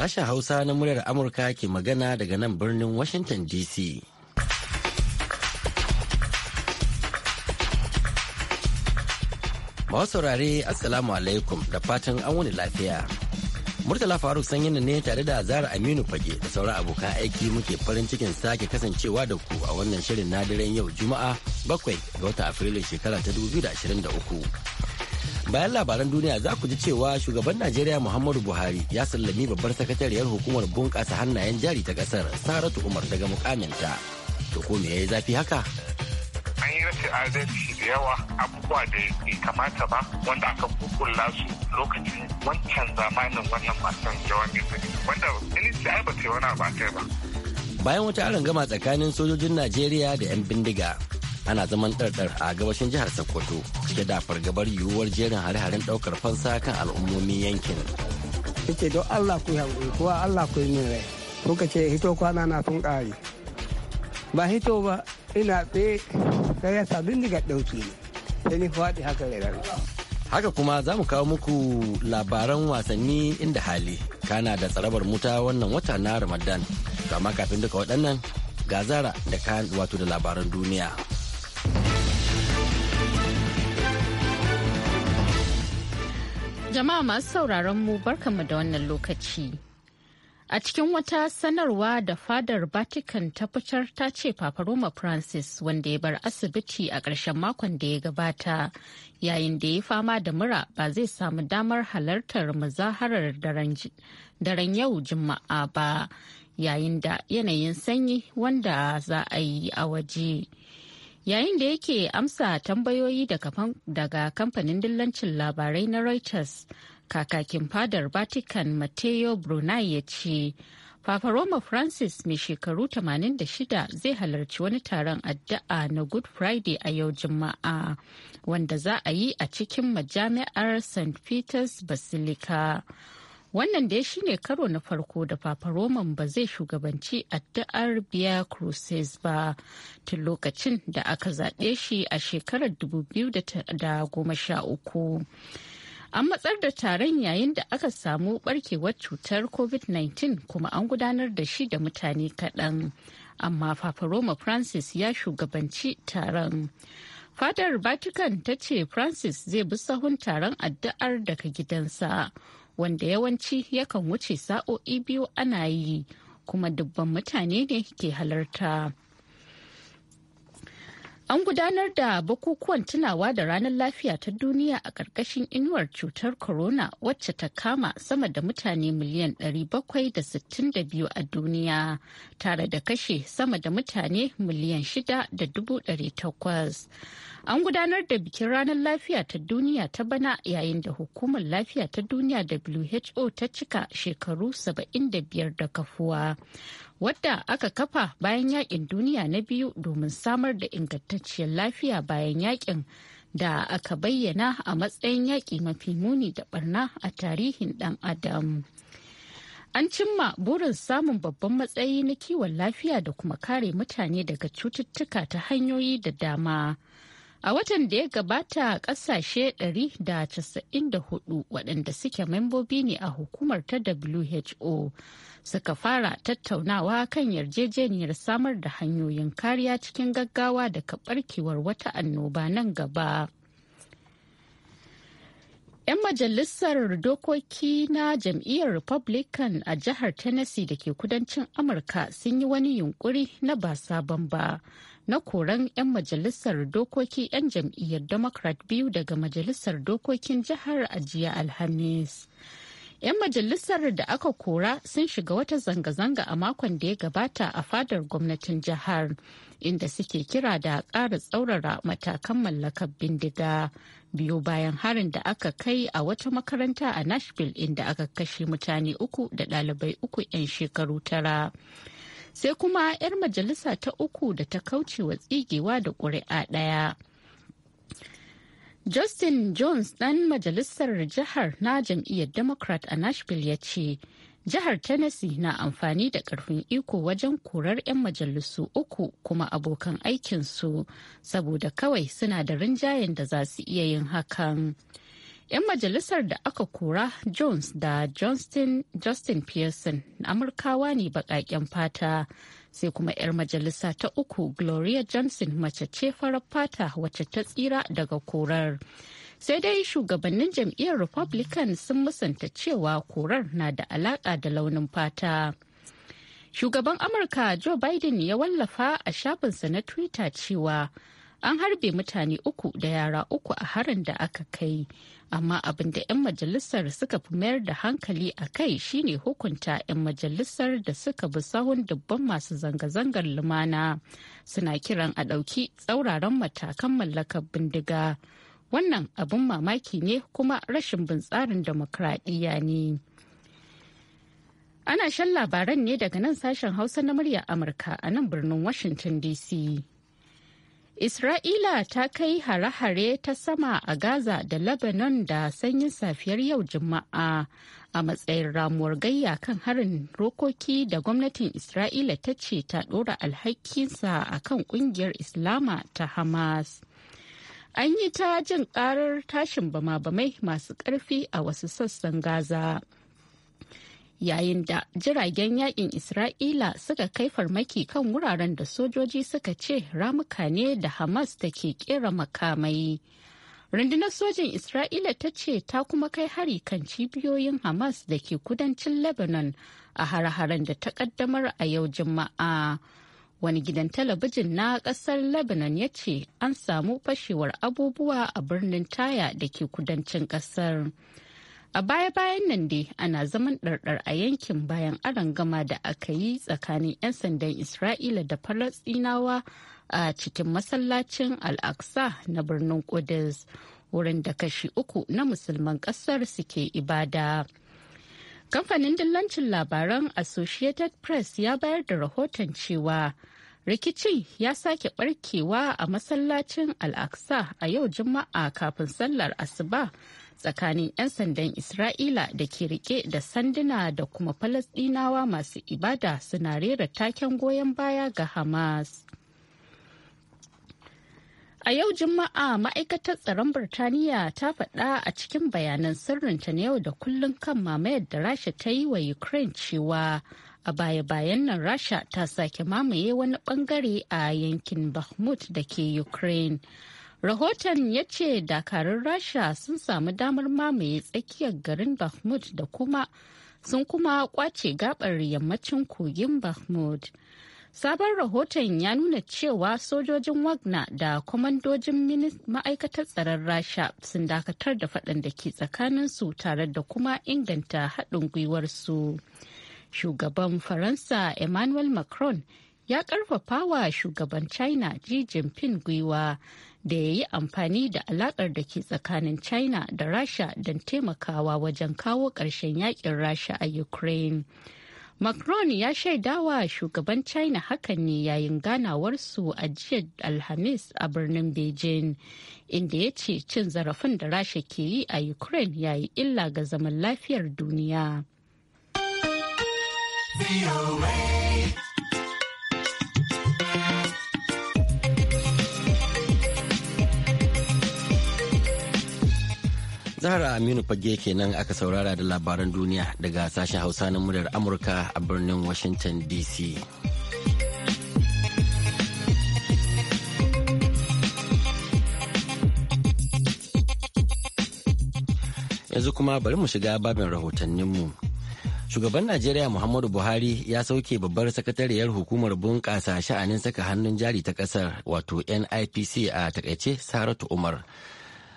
Sashen Hausa na muryar Amurka ke magana daga nan birnin Washington DC. Masu saurare Assalamu alaikum da fatan an wani lafiya. Murtala Faruk sanyin ne tare da Zara Aminu Fage da sauran abokan aiki muke farin cikin sake kasancewa da ku a wannan shirin na daren yau Juma'a bakwai ga wata afrilu shekara ta 2023. bayan labaran duniya za ku ji cewa shugaban najeriya muhammadu buhari ya sallami babbar sakatariyar hukumar bunƙasa hannayen jari ta ƙasar saratu umar daga mukaminta to ko me ya yi zafi haka an yi rashin adalci da yawa abubuwa da bai kamata ba wanda aka kukula su lokacin wancan zamanin wannan matan jawabi wanda minista ai ba yi wani ba bayan wata arangama tsakanin sojojin najeriya da 'yan bindiga ana zaman ɗarɗar a gabashin jihar sokoto cike da fargabar yiwuwar jerin hare-haren ɗaukar fansa kan al'ummomin yankin ce don allah ku kuwa allah ku yi min rai kuka ce hito kwana na sun ƙare ba hito ba ina tsaye sai ya sabin diga ɗauki ne sai ni faɗi haka rai haka kuma za mu kawo muku labaran wasanni inda hali kana da tsarabar muta wannan wata na ramadan kama kafin duka waɗannan gazara zara da kayan wato da labaran duniya. Jama'a masu sauraron mu barkanmu da wannan lokaci. A cikin wata sanarwa da fadar Vatican ta fitar ta ce Papa Roma Francis wanda ya bar asibiti a ƙarshen makon da ya gabata yayin da ya fama da mura ba zai samu damar halartar muzaharar daren yau Juma'a ba yayin da yanayin sanyi wanda za a yi a waje. yayin da yake amsa tambayoyi daga kamfanin dillancin labarai na reuters kakakin fadar vatican matteo brunei ya ce Papa Roma Francis mai shekaru 86 zai halarci wani taron addu'a na Good Friday a yau Juma'a wanda za a yi a cikin majami'ar St. Peter's Basilica. Wannan da dai shine karo na farko da Papa Roman ba zai shugabanci addu'ar Biya Cruces ba tun lokacin da aka zaɓe shi a shekarar 2013. An matsar da taron yayin da aka samu barkewar cutar COVID-19 kuma an gudanar da shi da mutane kaɗan. Amma Papa Roma Francis ya shugabanci taron. Fadar Vatican ta ce Francis zai bi sahun taron addu'ar daga gidansa wanda yawanci yakan wuce sa'o'i biyu ana yi kuma dubban mutane ne ke halarta. An gudanar da bukukuwan tunawa da ranar lafiya ta duniya a ƙarƙashin inuwar cutar corona wacce ta kama sama da mutane miliyan 762 a duniya tare da kashe sama da mutane miliyan 6.800. An gudanar da bikin ranar lafiya ta duniya ta bana yayin da hukumar lafiya ta duniya WHO ta cika shekaru 75 da kafuwa. wadda aka kafa bayan yakin duniya na biyu domin samar da ingantacciyar lafiya bayan yakin da aka bayyana a matsayin yaƙi mafi muni da barna a tarihin ɗan adam an cimma burin samun babban matsayi na kiwon lafiya da kuma kare mutane daga cututtuka ta hanyoyi da dama A watan da ya gabata kasashe 194 waɗanda suke membobi ne a hukumar ta WHO suka fara tattaunawa kan yarjejeniyar samar da hanyoyin kariya cikin gaggawa daga barkewar wata annoba nan gaba. 'Yan majalisar dokoki na jam'iyyar Republican a jihar Tennessee da ke kudancin Amurka sun yi wani yunkuri na ba sabon ba. na koran 'yan majalisar dokoki 'yan jam'iyyar democrat biyu daga majalisar dokokin jihar ajiya alhamis 'yan majalisar da aka kora sun shiga wata zanga-zanga a makon da ya gabata a fadar gwamnatin jihar inda suke kira da ƙara tsaurara matakan mallakar bindiga biyu bayan harin da aka kai a wata makaranta a nashville inda aka kashe mutane uku da ɗalibai uku 'yan shekaru tara sai kuma 'yar majalisa ta uku da ta kauce wa tsigewa da ƙuri'a ɗaya. Justin Jones ɗan majalisar jihar na jam'iyyar Democrat a Nashville ya ce, Jihar Tennessee na amfani da ƙarfin iko wajen korar 'yan majalisu uku kuma abokan aikinsu saboda kawai suna da rinjayen da za su iya yin hakan. 'Yan majalisar da aka kora Jones da Johnston, Justin Pearson na Amurkawa ne baƙaƙen fata, sai kuma 'yar majalisa ta uku Gloria Johnson mace ce farar fata wacce ta tsira daga korar. Sai dai shugabannin jam'iyyar Republican sun musanta cewa korar na da alaƙa da launin fata. Shugaban Amurka Joe Biden ya wallafa a shafinsa na Twitter cewa. an harbe mutane uku da yara uku a harin da aka kai amma abin da 'yan majalisar suka fi mayar da hankali a kai shine hukunta 'yan majalisar da suka bi sahun dubban masu zanga-zangar lumana suna kiran a ɗauki tsauraran matakan mallakar bindiga wannan abin mamaki ne kuma rashin bin tsarin demokradiyya ne. Ana shan labaran ne daga nan sashen Hausa na murya Amurka a nan birnin Washington DC. Isra'ila ta kai hare-hare ta sama a Gaza da Lebanon da sanyin safiyar yau Juma'a a matsayin ramuwar gayya kan harin rokoki da gwamnatin Isra'ila ta ce ta ɗora alhakinsa a kan ƙungiyar Islama ta Hamas. An yi ta jin ƙarar tashin bama-bamai masu ƙarfi a wasu sassan Gaza. yayin da jiragen yakin Isra'ila suka kai farmaki kan wuraren da sojoji suka ce ramuka ne da Hamas take kera makamai. Rundunar sojin Isra'ila ta ce ta kuma kai hari kan cibiyoyin Hamas da ke kudancin Lebanon a hare-haren da ta kaddamar a yau Juma'a. Wani gidan talabijin na kasar Lebanon ya ce an samu fashewar abubuwa a birnin Taya da ke kudancin kasar. A baya-bayan nan dai ana zaman ɗarɗar a yankin bayan aron gama da aka yi tsakanin 'yan sandan Isra'ila da Falasɗinawa a cikin masallacin Al-Aqsa na birnin Qudus, wurin da kashi uku na musulman ƙasar suke ibada. Kamfanin dillancin labaran Associated Press ya bayar da rahoton cewa rikicin ya sake barkewa a masallacin Al-Aqsa a yau Juma'a kafin sallar Asuba. tsakanin 'yan sandan Isra'ila da ke rike da sanduna da kuma Falasɗinawa masu ibada suna rera taken goyon baya ga Hamas. A yau Juma'a ma'aikatar tsaron Birtaniya ta faɗa a cikin bayanan sirrinta na yau da kullun kan mamayar da Rasha ta yi wa Ukraine cewa a baya-bayan nan Rasha ta sake mamaye wani bangare a yankin bahmut da ke Ukraine. Rahoton ya ce dakarun Rasha sun samu damar mamaye tsakiyar garin Bakhmut da kuma sun kuma kwace gabar yammacin kogin bahmud Sabon rahoton ya nuna cewa sojojin Wagner da kwamandojin ma'aikatar tsaron Rasha sun dakatar da faɗan da ke tsakaninsu tare da kuma inganta haɗin gwiwarsu. Shugaban Faransa Emmanuel Macron ya ƙarfafa wa shugaban China Xi Jinping gwiwa da ya yi amfani da alakar da ke tsakanin china da rasha don taimakawa wajen kawo ƙarshen yakin rasha a ukraine macron ya shaidawa shugaban china hakan ne yayin ganawarsu a jiya alhamis a birnin beijing inda ya ce cin zarafin da rasha ke yi a ukraine ya yi illa ga zaman lafiyar duniya. Zahra Aminu Fage kenan aka saurara da labaran duniya daga sashen Hausa na muryar Amurka a birnin Washington DC. Yanzu kuma bari mu shiga babin rahotanninmu. Shugaban Najeriya Muhammadu Buhari ya sauke babbar sakatariyar hukumar bunƙasa sha'anin saka hannun jari ta ƙasar wato NIPC a takaice Saratu Umar.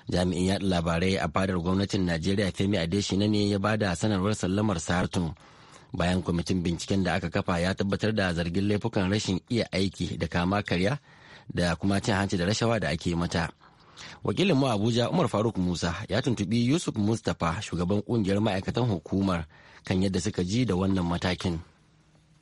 jami'in yaɗa labarai a fadar gwamnatin najeriya femi na ne ya bada sanarwar sallamar sartun bayan kwamitin binciken da aka kafa ya tabbatar da zargin laifukan rashin iya aiki da kama karya da kuma cin hanci da rashawa da ake mata wakilin mu abuja umar faruk musa ya tuntubi yusuf mustapha shugaban kungiyar ma'aikatan hukumar kan yadda suka ji da wannan matakin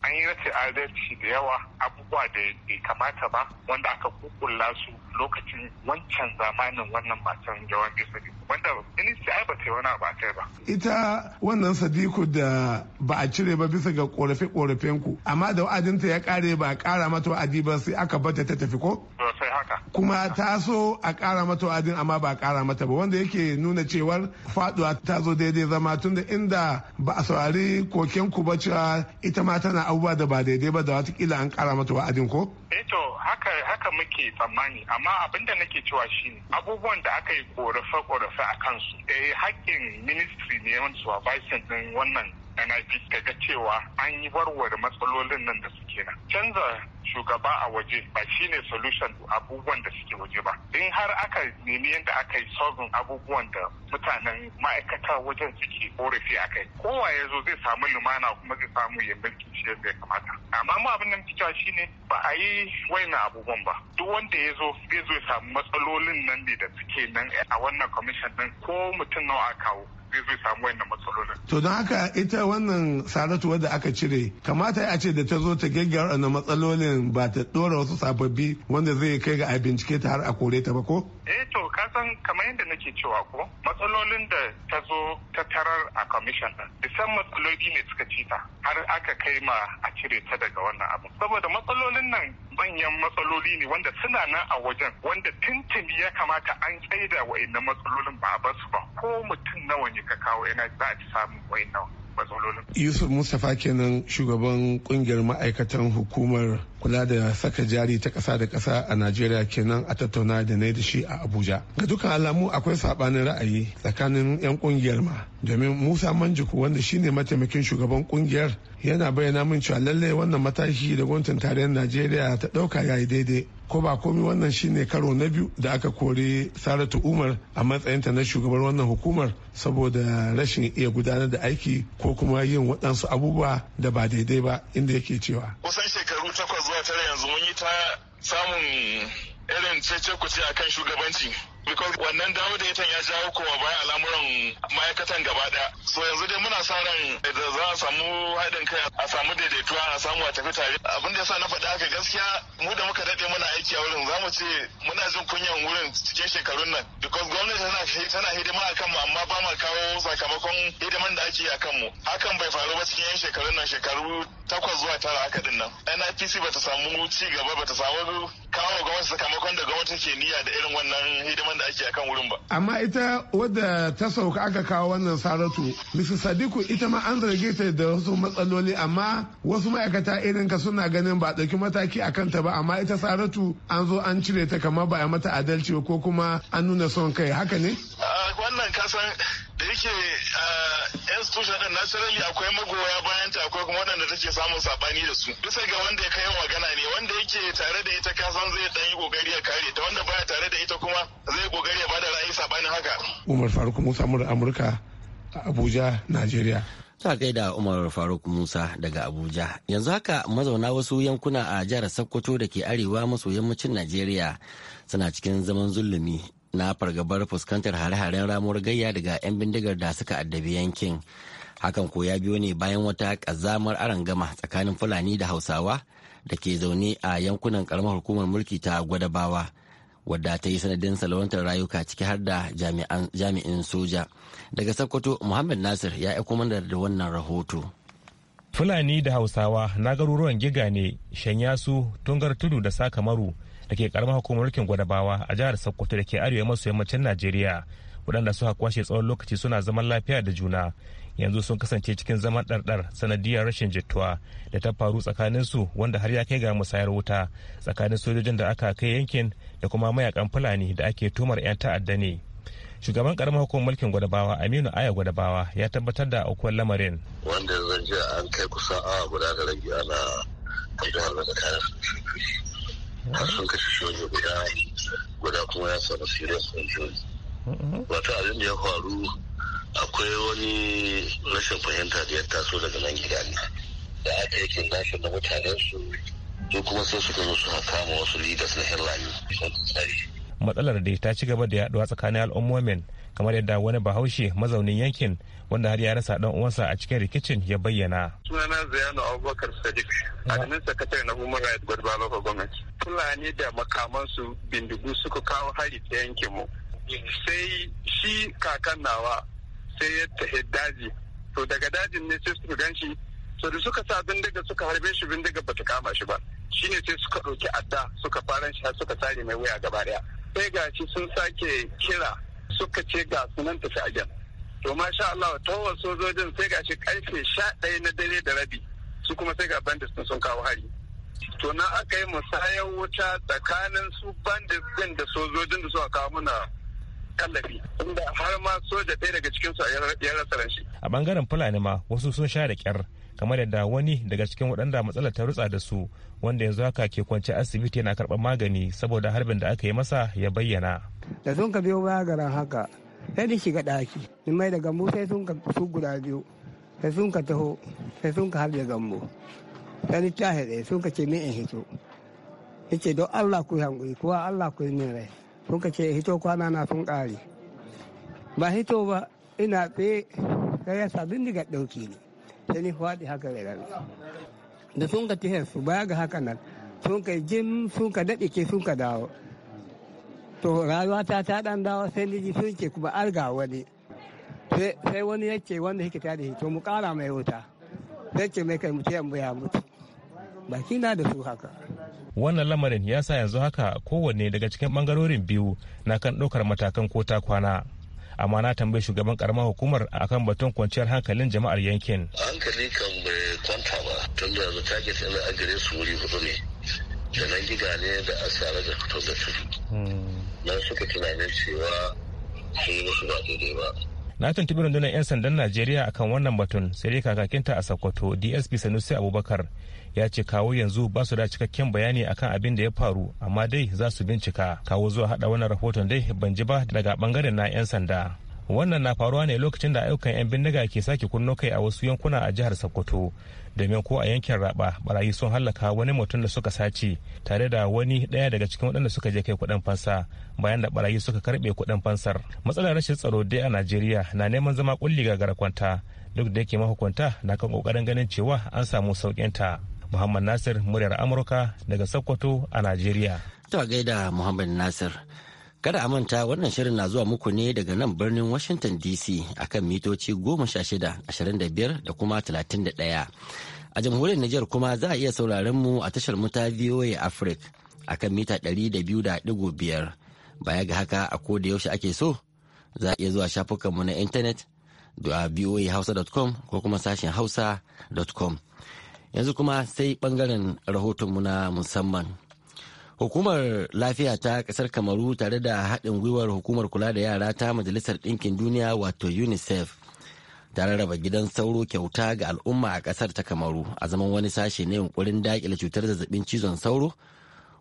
an yi rashin adalci da yawa abubuwa da bai kamata ba wanda aka kukulla su lokacin wancan zamanin wannan matan jawan bisa wanda ini ai ba ta wani ba kai ba. ita wannan sadiku da ba a cire ba bisa ga korafe korafen ku amma da wa'adinta ya kare ba a kara mata wa'adi ba sai aka bata ta tafi ko. Sai haka. kuma ta so a kara mata wa'adin amma ba a kara mata ba wanda yake nuna cewar faduwa ta zo daidai zama tun da inda ba a saurari koken ku ba cewa ita ma tana abubuwa da ba daidai ba da watakila an kara mata wa'adin ko. eto eh haka haka muke tsammani amma abinda nake cewa shine abubuwan da aka yi korafe korafe a kansu eh haƙƙin ministry ne wanda supervising ɗin wannan NIP ta ga cewa an yi warware matsalolin nan da suke nan. Canza shugaba a waje ba shine solution abubuwan da suke waje ba. In har aka nemi yadda aka yi solving abubuwan da mutanen ma'aikata wajen suke korafi a kai. Kowa ya zo zai samu lumana kuma zai samu ya mulki shi yadda ya kamata. Amma mu abin nan cewa shine ba a yi waina abubuwan ba. Duk wanda ya zo zai zo ya samu matsalolin nan ne da suke nan a wannan commission din ko mutum nawa a kawo. zai samu wannan matsalolin. To don haka ita wannan saratu wadda aka cire kamata a ce da ta zo ta gaggawar na matsalolin ba ta dora wasu sababbi wanda zai kai ga a bincike ta har a kore ta ba ko? Eh to ka san kamar yadda nake cewa ko matsalolin da ta zo ta tarar a commission din san matsaloli ne suka ci har aka kai ma a cire ta daga wannan abu saboda matsalolin nan matsaloli ne wanda suna nan a wajen wanda tuntuni ya kamata an tsaida wa'annan matsalolin ba a su ba ko mutum nawa ne ka kawo yana za a ci samun wa'annan matsalolin. Yusuf Mustapha kenan shugaban kungiyar ma'aikatan hukumar kula da saka jari ta kasa da kasa a najeriya kenan a tattauna da na da shi a abuja ga dukkan alamu akwai saɓanin ra'ayi tsakanin 'yan kungiyar ma domin musa manjiku wanda shine mataimakin shugaban kungiyar. yana bayyana min cewa lallai wannan mataki da gwamnatin tarayyar najeriya ta ɗauka yayi daidai ko ba komi wannan shine karo na biyu da aka kori saratu umar a matsayinta na shugabar wannan hukumar saboda rashin iya gudanar da aiki ko kuma yin waɗansu abubuwa da ba daidai ba inda yake cewa kusan shekaru takwas mu yanzu mun yi ta samun irin cece kuce kan shugabanci because wannan dawo da ya jawo kowa baya al'amuran ma'aikatan gaba daya so yanzu dai muna sa ran da za a samu haɗa duka a samu daidaituwa a samu a tafi tare abin da ya sa na faɗa haka gaskiya mu da muka daɗe muna aiki a wurin zamu ce muna jin kunyan wurin cikin shekarun nan because gwamnati tana hidima akan mu amma ba ma kawo sakamakon hidiman da ake yi akan mu hakan bai faru ba cikin yan shekarun nan shekaru takwas zuwa tara haka din nan NIPC bata samu ci gaba bata samu kawo gwamnati sakamakon da gwamnati ke niyya da irin wannan hidiman da ake akan wurin ba amma ita wadda ta sauka aka kawo wannan saratu Mrs. Sadiku ita ma an zarge ta da wasu matsaloli matsaloli amma wasu ma'aikata irin ka suna ganin ba ɗauki mataki a kanta ba amma ita saratu an zo an cire ta kamar ba a mata adalci ko kuma an nuna son kai haka ne? wannan kasan da yake institution din naturally akwai magoya bayan ta akwai kuma waɗanda take samun sabani da su bisa ga wanda ya kai magana ne wanda yake tare da ita kasan zai dan yi kokari ya kare ta wanda baya tare da ita kuma zai kokari ya bada ra'ayi sabanin haka Umar Faruk Musa Amurka Abuja Najeriya Ta da Umar Faruk Musa daga Abuja. Yanzu haka mazauna wasu yankuna a jihar Sokoto da ke arewa maso yammacin Najeriya suna cikin zaman zulumi na fargabar fuskantar hare-haren ramuwar gayya daga 'yan bindigar da suka addabi yankin. Hakan ko ya biyo ne bayan wata ƙazamar arangama tsakanin Fulani da Hausawa da ke zaune a yankunan ƙaramar hukumar mulki ta Gwadabawa wadda ta yi sanadin salwantar rayuka ciki har da jami'in soja daga sokoto muhammad nasir ya aiko kuma da wannan rahoto fulani da hausawa na garuruwan giga ne shanyasu tungar tudu da sakamaru da ke karamar hukumar mulkin gwadabawa a jihar sokoto da ke arewa maso yammacin najeriya waɗanda suka kwashe tsawon lokaci suna zaman lafiya da juna yanzu sun kasance cikin zaman ɗarɗar sanadiyar rashin jituwa da ta faru tsakanin su wanda har ya kai ga musayar wuta tsakanin sojojin da aka kai yankin da kuma mayakan fulani da ake tumar 'yan ta'adda ne shugaban karamar hukumar mulkin gwadabawa aminu aya gwadabawa ya tabbatar da aukuwar lamarin wanda zan jiya an kai kusa awa guda da rage ana gudanar da kayan har sun kashe shoji guda guda kuma ya samu serious injury wata abin da ya faru akwai wani rashin fahimta da ya taso daga nan gida ne da aka yi kin na mutanen su su kuma sai suka zo suka kama wasu leaders na hillary matsalar da ta ci gaba da yaduwa tsakanin al'ummomin kamar yadda wani bahaushe mazaunin yankin wanda har ya rasa dan uwansa a cikin rikicin ya bayyana. Sunana Ziyanu Abubakar Sadiq, adinin sakatare na Human Rights Board Balofa Gwamnati. Fulani da makamansu bindigu suka kawo hari ta yankin mu. Sai shi kakan nawa sai ya tafi daji. To daga dajin ne sai suka gan so da suka sa bindiga suka harbe shi bindiga bata kama shi ba shine sai suka ɗauki adda suka fara shi har suka sare mai wuya gaba daya sai ga shi sun sake kira suka ce ga sunan tafi jan. to sha Allah tawar sojojin sai ga shi karfe sha ɗaya na dare da rabi su kuma sai ga bandits sun kawo hari to na aka yi musayar wuta tsakanin su bandits din da sojojin da suka kawo mana kallafi inda har ma soja ɗaya daga cikinsu ya rasa ran shi a bangaren fulani ma wasu sun sha da kyar kamar yadda wani daga cikin waɗanda matsalar ta rutsa da su wanda yanzu haka ke kwance asibiti yana karɓar magani saboda harbin da aka yi masa ya bayyana. Da sun ka biyo baya garan haka sai da shiga ɗaki in mai da gambo sai sun ka su guda biyu sai sun ka taho sai sun ka harbe gambo sai ta haɗe sun ka ce min in hito yake don Allah ku hankuri kuwa Allah ku yi min rai sun ka ce hito kwana na sun ƙare ba hito ba ina tsaye sai ya sa bindiga ɗauki ne sai ni faɗi haka da da sun ka tihar su baya ga haka nan sun ka jin sun ka daɗe ke sun ka dawo to rayuwa ta ta ɗan dawo sai ni ji sun ke kuma arga wani sai wani yake wanda yake ta da to mu ƙara mai wuta sai ce mai kai mutu yamma ya mutu baki na da su haka wannan lamarin ya sa yanzu haka kowanne daga cikin bangarorin biyu na kan ɗaukar matakan ko ta kwana amma na tambayi shugaban karamar hukumar akan batun kwanciyar hankalin jama'ar yankin hankali kan bai kwanta ba tun da yanzu target ɗin a gare su wuri hudu ne da nan gida ne da asara da fito da hmm. nan suka tunanin cewa sun yi wasu ba daidai ba na tuntubi rundunar 'yan sandan najeriya akan wannan batun sai dai kakakinta a sokoto dsp sanusi abubakar ya ce kawo yanzu ba su da cikakken bayani akan abin da ya faru amma dai za su bincika kawo zuwa hada wannan rahoton dai ban ji ba daga bangaren na 'yan sanda wannan na faruwa ne lokacin da ayyukan 'yan bindiga ke sake kunno kai a wasu yankuna a jihar sokoto domin ko a yankin raba barayi sun hallaka wani mutum da suka sace tare da wani daya daga cikin waɗanda suka je kai kuɗin fansa bayan da barayi suka karɓe kuɗin fansar matsalar rashin tsaro dai a najeriya na neman zama kulli ga kwanta duk da yake mahukunta na kan kokarin ganin cewa an samu sauƙinta. ta Muhammad Nasir muryar Amurka daga Sokoto a Najeriya. To gaida Muhammad Nasir. Kada a manta wannan shirin na zuwa muku ne daga nan birnin Washington DC akan mitoci 16, 25 da kuma 31. A jamhuriyar Nijar kuma za a iya sauraron mu a tashar muta VOA Africa akan mita 200.5. Baya ga haka a da yaushe ake so za a iya zuwa shafukanmu na intanet da voahausa.com ko kuma sashen hausa.com. yanzu kuma sai bangaren rahotonmu na musamman hukumar lafiya ta kasar kamaru tare da haɗin gwiwar hukumar kula da yara ta majalisar ɗinkin duniya wato unicef ta rarraba gidan sauro kyauta ga al'umma a kasar ta kamaru a zaman wani sashe ne yunkurin daƙile cutar zazzabin cizon sauro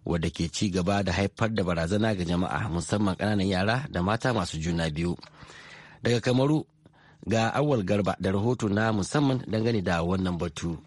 wadda ke ci gaba da haifar da barazana ga jama'a musamman ƙananan yara da mata masu juna biyu daga kamaru ga awal garba da rahoto na musamman dangane da wannan batu.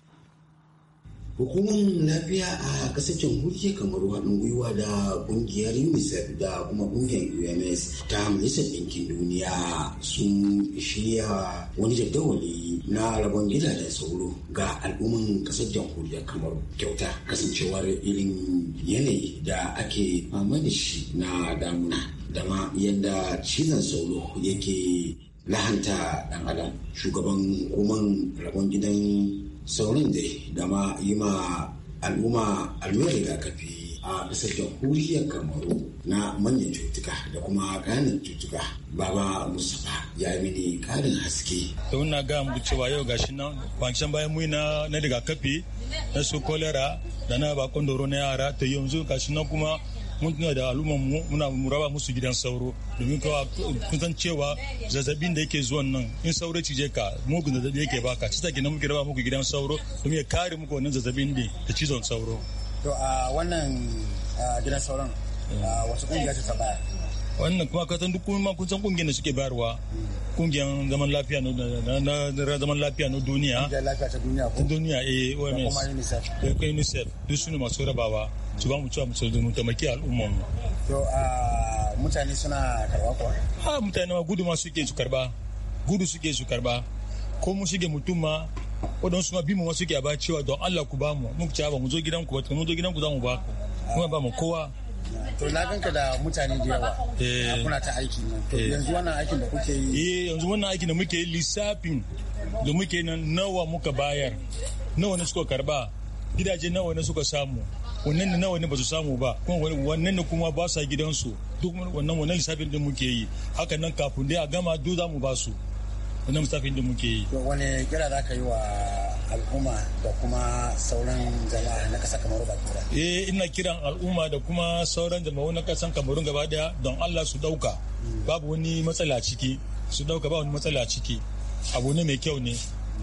hukumar lafiya a kasar jamhuriyar kamar haɗin gwiwa da ƙungiyar unicef da kuma ƙungiyar ums ta majalisar ɗinkin duniya sun shirya wani jadawali na rabon gidajen sauro ga al'umman kasar jamhuriyar kamar kyauta kasancewar irin yanayi da ake fama da shi na damuna Dama yadda cizon sauro yake lahanta ɗan adam shugaban hukumar rabon gidan saurin dai da ma yi ma al'umma allurar rigakafi a bisa jamhuriyar kamaru na manyan cutuka da kuma ganin cutuka baba mustapha ya yi mini karin haske to wuna ga mu cewa yau gashi nan kwanciyar bayan mu na na rigakafi na su kolera da na bakon doro na yara to yanzu gashi nan kuma mun da al'umma muna muraba musu gidan sauro domin kawa kun san cewa zazzabin da yake zuwan nan in sauro cije ka mugun zazzabi yake baka shi take nan muke raba muku gidan sauro domin ya kare muku wannan zazzabin da cizon sauro to a wannan gidan sauron wasu kungiya ta bayar. wannan kuma ka san duk kuma kun san kungiyar da suke bayarwa kungiyar zaman lafiya na zaman lafiya na duniya ta duniya eh OMS da UNICEF duk su ne masu rabawa su ba mu cewa mu mu taimaki al'umma mu to a mutane suna karba kuwa ha mutane ma gudu ma suke su karba gudu suke su karba ko mu shige mutum ma waɗansu ma bi mu ma suke ba cewa don Allah ku ba mu mu ci ba mu zo gidan ku ba mu zo gidan ku za mu ba ku kuma ba mu kowa to na ganka da mutane da yawa eh. kuna ta aiki nan eh. yanzu wannan aikin da kuke yi eh yanzu wannan aikin da muke yi lissafin da muke nan nawa muka bayar nawa ne suka karba gidaje nawa ne suka samu wannan da nawa ne ba su samu ba kuma wannan da kuma ba sa gidansu duk wannan wannan lissafin da muke yi haka nan kafin dai a gama du za mu ba su wannan lissafin da muke yi. wani kira za ka yi wa al'umma da kuma sauran jama'a na ƙasar kamaru ba kira. eh ina kiran al'umma da kuma sauran jama'a na ƙasar kamaru gaba daya don allah su ɗauka mm. babu wani matsala ciki su ɗauka ba wani matsala ciki abu ne mai kyau ne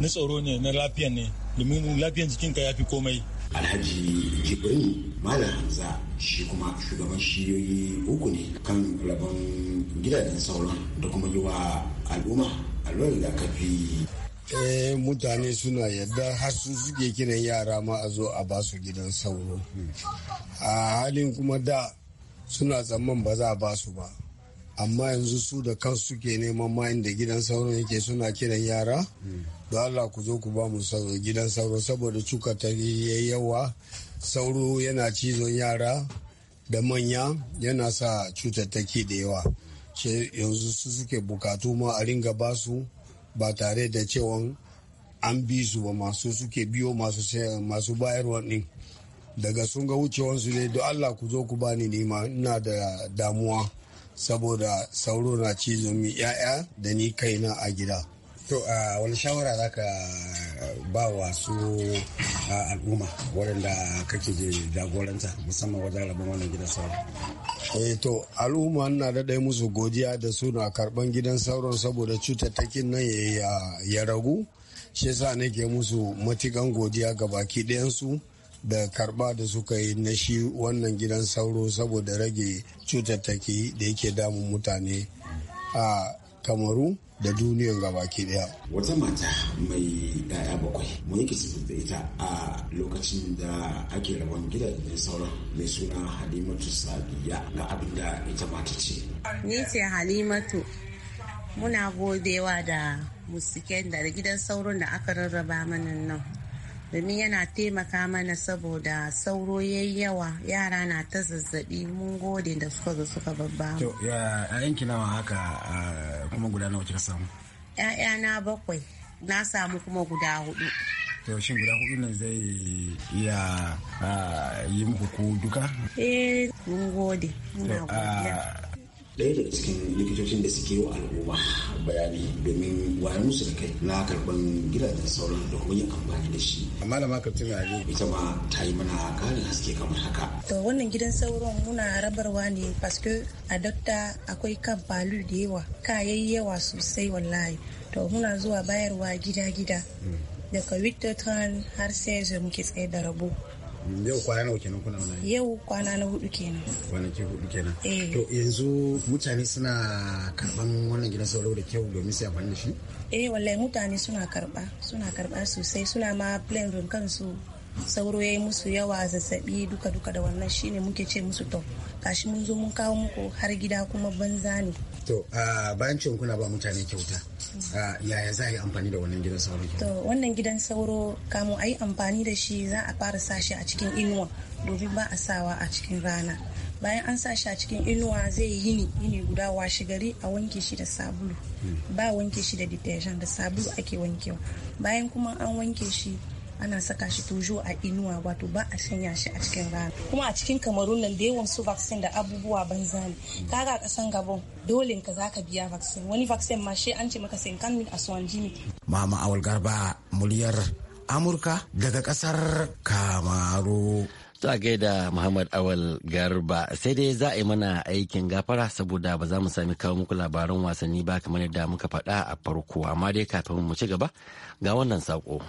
na tsaro ne na lafiya ne domin lafiyan jikinka ya fi komai. alhaji jibril malam hamza shi kuma shugaban shiyoyi uku ne kan rabon gidajen sauran da kuma yi wa al'umma allurar rigakafi eh mutane suna yadda har su suke kiran yara ma a zo a basu gidan sauro a halin kuma da suna tsamman ba za a basu ba amma yanzu su da kansu suke neman ma inda gidan sauron yake suna kiran yara da allah ku zo ku ba mu gidan sauro saboda cuka ta yi yawa sauro yana cizon yara da manya yana sa cutattaki da yawa yanzu su suke bukatu ma a ringa basu ba tare da cewa an bi su ba masu suke biyo masu bayarwa ɗin daga sun ga wucewansu ne don allah ku zo ku bani nema ina da damuwa saboda sauro na cizon mi 'ya'ya da ni kaina a gida to a wani shawara za ka ba wa su al'umma waɗanda kake jagoranta musamman wajen rabon wannan gidan sauro eh to al'umma na daɗa musu godiya da su na karɓan gidan sauron saboda cutattakin nan ya ragu shi yasa nake musu matikan godiya ga baki ɗayansu da karba da suka yi na shi wannan gidan sauro saboda rage cutattaki da yake damun mutane a kamaru da duniyar gabaki daya wata mata mai yaya bakwai mun yi da ita a lokacin da ake rabon gidajen sauran mai suna halimatu sabiya na abin da ita mata ce ni ce halimatu muna godewa da musiken da gidan sauran da aka rarraba mana nan domin yana taimaka mana saboda sauro ya yawa yara na ta zazzabi mun gode da suka zo suka babba to yayanki nawa haka kuma guda nawa kika samu na bakwai na samu kuma guda hudu to shin guda hudu nan zai iya yi muku ko duka eh mun gode muna godiya ɗaya daga cikin likitocin da suke wa al'umma bayani domin wayar musu da kai na karban gidajen sauran da kuma yin amfani da shi. Malama Kaftuna Ali. Ita ma ta yi mana ƙarin haske kamar haka. To wannan gidan sauron muna rabarwa ne paske a dokta akwai kan balu da yawa yayi yawa sosai wallahi. To muna zuwa bayarwa gida-gida. Mm. Daga Wittoton har sai muke tsaye da rabo. yau kwana nawa kenan kuna wannan yau kwana na hudu kenan kwanaki hudu kenan eh. to yanzu mutane suna karban wannan gidan sauro da kyau domin su amfani da shi eh wallahi mutane suna karba suna karba sosai suna ma plan room kansu sauro ya yi musu yawa zazzabi duka duka da wannan shine muke ce musu to Kashi mun zo mun kawo muku har gida kuma banza ne to a bayan kuna ba mutane kyauta Ah, yaya za a yi amfani da wannan gidan sauro to wannan gidan sauro kamun a yi amfani da shi za a fara sa shi a cikin inuwa domin ba a sawa a cikin rana bayan an sa a cikin inuwa zai yi ne guda washe gari a wanke shi da sabulu hmm. ba wanke shi da detergent da sabulu ake wankewa bayan kuma an wanke shi ana saka shi tojo a inuwa wato ba a shanya shi a cikin rana kuma a cikin kamarun nan da yawan su vaccine da abubuwa banza ne kaga kasan gabon dole ka zaka biya vaccine wani vaccine ma shi an ce maka sai kan min suwan jini mama awal garba muliyar amurka daga kasar kamaru a gaida Muhammad Awal Garba sai dai za a yi mana aikin gafara saboda ba za mu sami kawo muku labaran wasanni ba kamar yadda muka faɗa a farko amma dai kafin mu ci gaba ga wannan saƙo.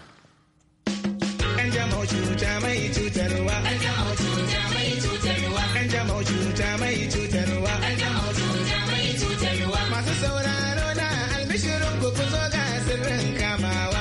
Kanjamau cuta mai cutarwa. Kanjamau cuta mai cutarwa. Kanjamau cuta cuta mai cutarwa. Masu sauraro na albishirin ku ku zo ga sirrin kamawa.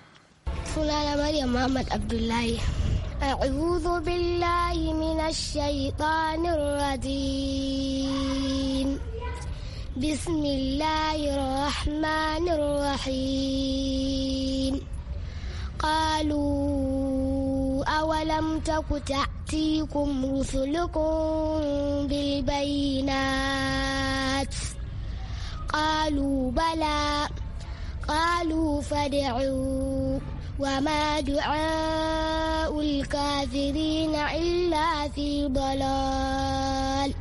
مريم محمد عبد الله أعوذ بالله من الشيطان الرجيم بسم الله الرحمن الرحيم قالوا أولم تك تأتيكم رسلكم بالبينات قالوا بلى قالوا فادعوا وما دعاء الكافرين إلا في ضلال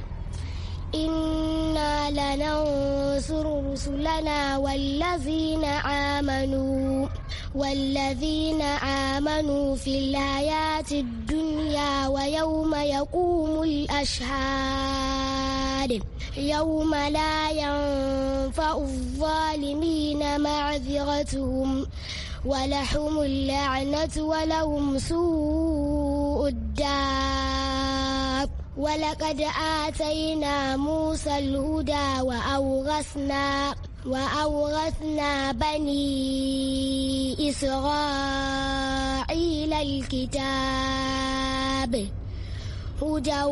إنا لننصر رسلنا والذين آمنوا والذين آمنوا في الحياة الدنيا ويوم يقوم الأشهاد يوم لا ينفع الظالمين معذرتهم ولهم اللعنة ولهم سوء الدار ولقد آتينا موسى الهدى وأوغثنا وأورثنا بني إسرائيل الكتاب هدى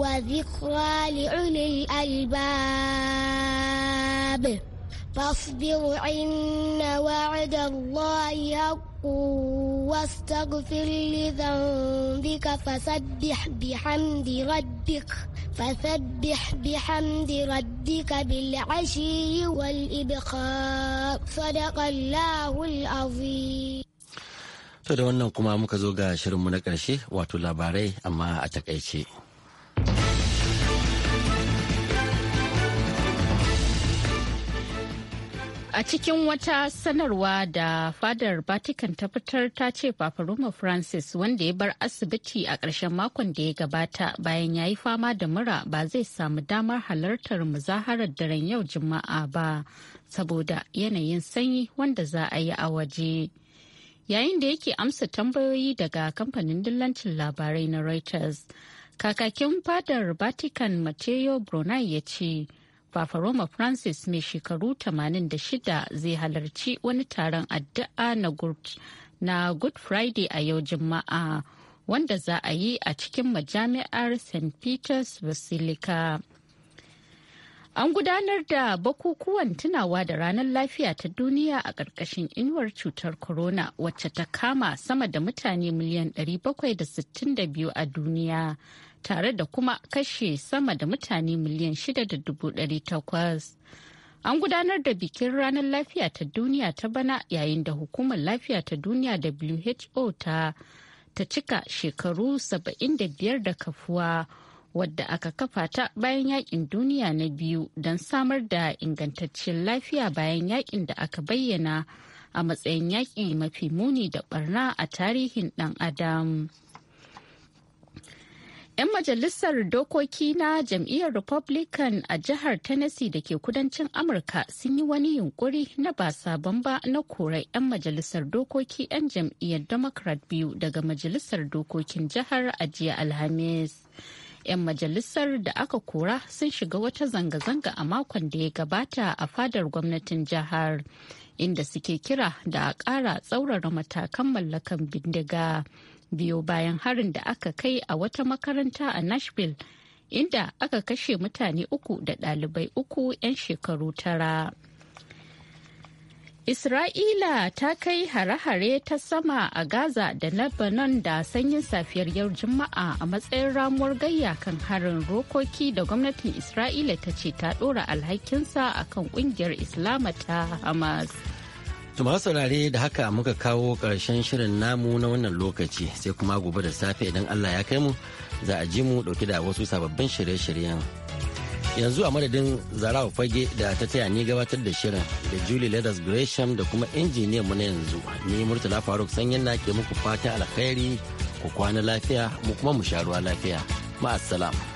وذكرى لأولي الألباب فاصبر إن وعد الله حق واستغفر لذنبك فسبح بحمد ربك فسبح بحمد ربك بالعشي والإبخار صدق الله العظيم To da wannan kuma muka zo ga shirinmu na ƙarshe wato labarai amma a takaice. A cikin wata sanarwa da fadar Vatican ta fitar ta ce Papa Francis wanda ya bar asibiti a ƙarshen makon da ya gabata bayan ya yi fama da mura ba zai samu damar halartar muzaharar daren yau Juma'a ba saboda yanayin sanyi wanda za a yi a waje. Yayin da yake amsa tambayoyi daga kamfanin dillancin labarai na Reuters, kakakin fadar Vatican Matteo Brunei ya ce. Papa Roma Francis mai shekaru 86 zai halarci wani taron addu'a na Good, Friday a yau Juma'a wanda za a yi a cikin majami'ar St. Peter's Basilica. An gudanar da bakukuwan tunawa da ranar lafiya ta duniya a ƙarƙashin inuwar cutar corona wacce ta kama sama da mutane miliyan 762 a duniya tare da kuma kashe sama da mutane miliyan 6.800. An gudanar da bikin ranar lafiya ta duniya ta bana yayin da hukumar lafiya ta duniya WHO ta ta cika shekaru 75 da kafuwa wadda aka kafa ta bayan yakin duniya na biyu don samar da ingantaccen lafiya bayan yakin da aka bayyana a matsayin yaƙi mafi muni da barna a tarihin dan adam. 'Yan majalisar dokoki na jam'iyyar Republican a jihar Tennessee da ke kudancin Amurka sun yi wani yunkuri na ba sabon ba na korai 'yan majalisar dokoki 'yan jam'iyyar Democrat biyu daga majalisar dokokin jihar a jiya Alhamis. 'yan majalisar da aka kora sun shiga wata zanga-zanga a makon da ya gabata a fadar gwamnatin jihar inda suke kira da a ƙara tsaurara matakan mallakan bindiga biyo bayan harin da aka kai a wata makaranta a Nashville inda aka kashe mutane uku da ɗalibai uku 'yan shekaru tara. Isra'ila ta kai hare-hare ta sama a Gaza da Lebanon da sanyin safiyar yau Juma'a a matsayin ramuwar gayya kan harin rokoki da gwamnatin Isra'ila ta ce ta ɗora alhakinsa akan ƙungiyar Islama ta Hamas. To masu saurare da haka muka kawo ƙarshen shirin namu na wannan lokaci sai kuma gobe da safe idan Allah ya kai mu za a ji mu ɗauki da wasu sababbin shirye-shiryen. Yanzu a madadin Zarawa Fage da ta taya ni gabatar da shirin da Julie Leathers Gresham da kuma injiniyan mu na yanzu ni Murtala Faruk sanyin na ke muku fatan alkhairi ku kwana lafiya mu kuma mu sha ruwa lafiya. Ma'assalam.